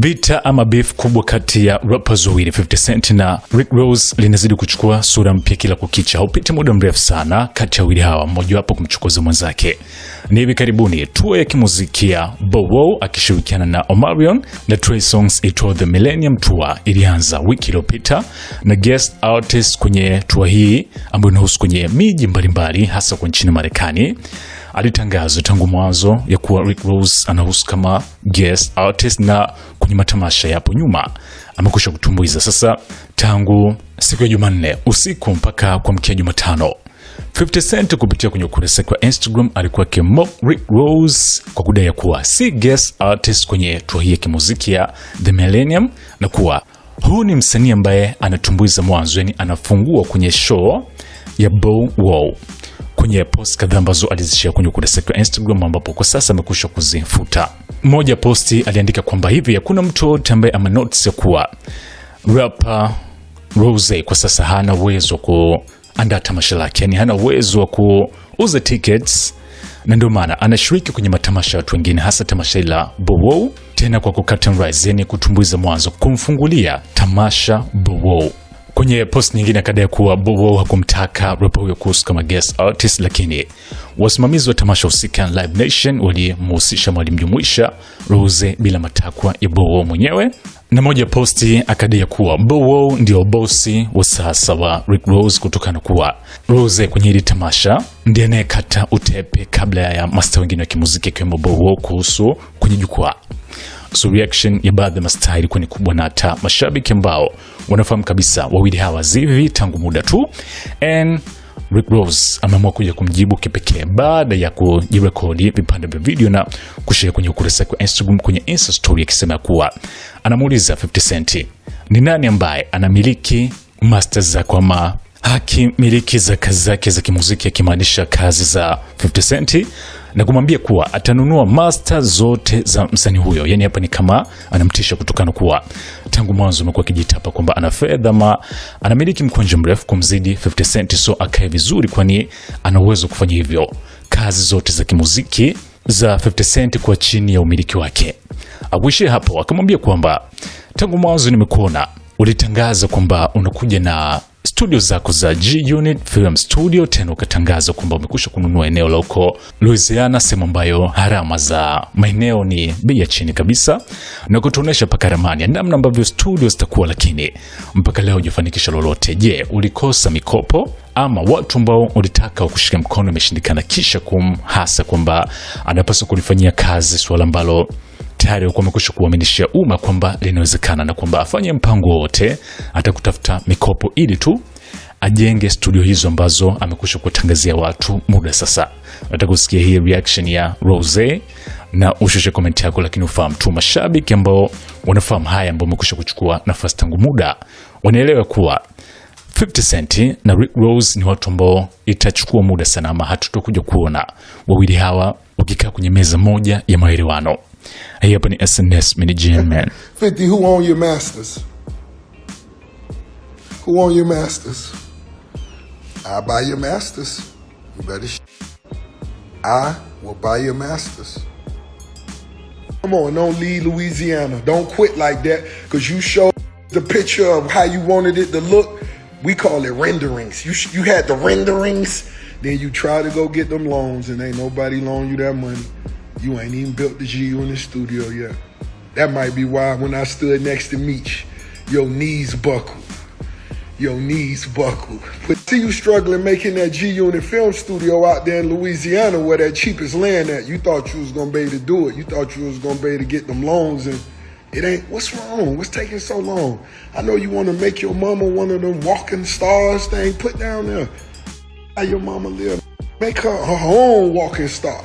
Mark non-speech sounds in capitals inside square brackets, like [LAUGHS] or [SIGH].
Vita ama beef kubwa kati ya rappers wawili 50 Cent na Rick Ross linazidi kuchukua sura mpya kila kukicha. Haupiti muda mrefu sana kati ya wawili hawa, mmoja wapo kumchokoza mwenzake. Ni hivi karibuni tour ya kimuziki ya Bow akishirikiana na Omarion na Trey Songz itwa The Millennium Tour ilianza wiki iliyopita, na guest artist kwenye tour hii ambayo inahusu kwenye miji mbalimbali hasa kwa nchini Marekani alitangazwa tangu mwanzo ya kuwa Rick Ross anahusu kama guest artist na kwenye matamasha ya hapo nyuma amekusha kutumbuiza. Sasa tangu siku ya Jumanne usiku mpaka kuamkia Jumatano, 50 Cent kupitia kwenye ukurasa wa Instagram alikuwa akimmock Rick rose kwa kudai ya kuwa si guest artist kwenye tour hii ya kimuziki ya The Millennium na kuwa huu ni msanii ambaye anatumbuiza mwanzo, yani anafungua kwenye show ya Bow Wow kwenye post kadhaa ambazo alizishia kwenye ukurasa wake wa Instagram ambapo kwa sasa amekwisha kuzifuta. Moja posti aliandika kwamba hivi hakuna mtu wote ambaye ama notes ya kuwa rapper Rose kwa sasa hana uwezo wa kuandaa tamasha lake, yani hana uwezo wa kuuza tickets na ndio maana anashiriki kwenye matamasha ya watu wengine, hasa tamasha la Bow tena kwa ku rise, yani kutumbuiza mwanzo, kumfungulia tamasha Bow Kwenye post nyingine akadai kuwa Bobo hakumtaka rapa huyo kuhusu kama guest artist, lakini wasimamizi wa tamasha husika Live Nation walimhusisha walimjumuisha Rose bila matakwa ya Bobo mwenyewe. Na moja posti akadai kuwa Bobo ndio bosi wa sasa wa Rick Rose kutokana kuwa Rose kwenye ile tamasha ndiye anayekata utepe kabla ya masta wengine wa kimuziki akiwemo Bobo kuhusu kwenye jukwaa. So reaction ya baadhi ya mastaa ilikuwa ni kubwa, na hata mashabiki ambao wanafahamu kabisa wawili hawa zivi tangu muda tu and Rick Ross ameamua kuja kumjibu kipekee baada ya kujirekodi vipande vya video na kushare kwenye ukurasa wake wa Instagram kwenye Insta story akisema kuwa anamuuliza 50 Cent ni nani ambaye anamiliki masters za kwama haki miliki za kazi zake za kimuziki, akimaanisha kazi za 50 Cent na kumwambia kuwa atanunua master zote za msanii huyo. Yani hapa ni kama anamtisha kutokana kuwa tangu mwanzo amekuwa akijitapa kwamba ana fedha ma anamiliki mkwanja mrefu kumzidi 50 Cent, so akae vizuri, kwani ana uwezo kufanya hivyo. Kazi zote za kimuziki za 50 Cent kwa chini ya umiliki wake. Akuishie hapo, akamwambia kwamba tangu mwanzo nimekuona ulitangaza kwamba unakuja na studio zako za G Unit Film Studio, tena ukatangaza kwamba umekwisha kununua eneo la huko Louisiana, sehemu ambayo gharama za maeneo ni bei ya chini kabisa, na kutuonesha paka ramani ya namna ambavyo studio zitakuwa, lakini mpaka leo hujafanikisha lolote. Je, ulikosa mikopo ama watu ambao ulitaka kushika mkono imeshindikana, kisha kumhasa kwamba anapaswa kulifanyia kazi suala ambalo tayari wamekwisha kuaminisha umma kwamba linawezekana na kwamba afanye mpango wowote atakutafuta mikopo ili tu ajenge studio hizo ambazo amekwisha kutangazia watu muda sasa. Nataka kusikia hii reaction ya Rose na ushushe komenti yako, lakini ufahamu tu mashabiki ambao wanafahamu haya, ambao wamekwisha kuchukua nafasi tangu muda, wanaelewa kuwa 50 Cent na Rick rose ni watu ambao itachukua muda sana, ama hatutokuja kuona wawili hawa wakikaa kwenye meza moja ya maelewano. Hey, up in the SNS, mini gym, man. [LAUGHS] 50, who own your masters? Who own your masters? I buy your masters. You better sh- I will buy your masters. Come on, don't leave Louisiana. Don't quit like that because you showed the picture of how you wanted it to look. We call it renderings. You, sh- you had the renderings, then you try to go get them loans and ain't nobody loan you that money. You ain't even built the G in the studio yet. That might be why when I stood next to Meech, your knees buckled. Your knees buckled. But see you struggling making that G Unit film studio out there in Louisiana where that cheapest land at. You thought you was gonna be able to do it. You thought you was gonna be able to get them loans and it ain't what's wrong? What's taking so long? I know you wanna make your mama one of them walking stars thing. Put down there. How your mama live. Make her her own walking star.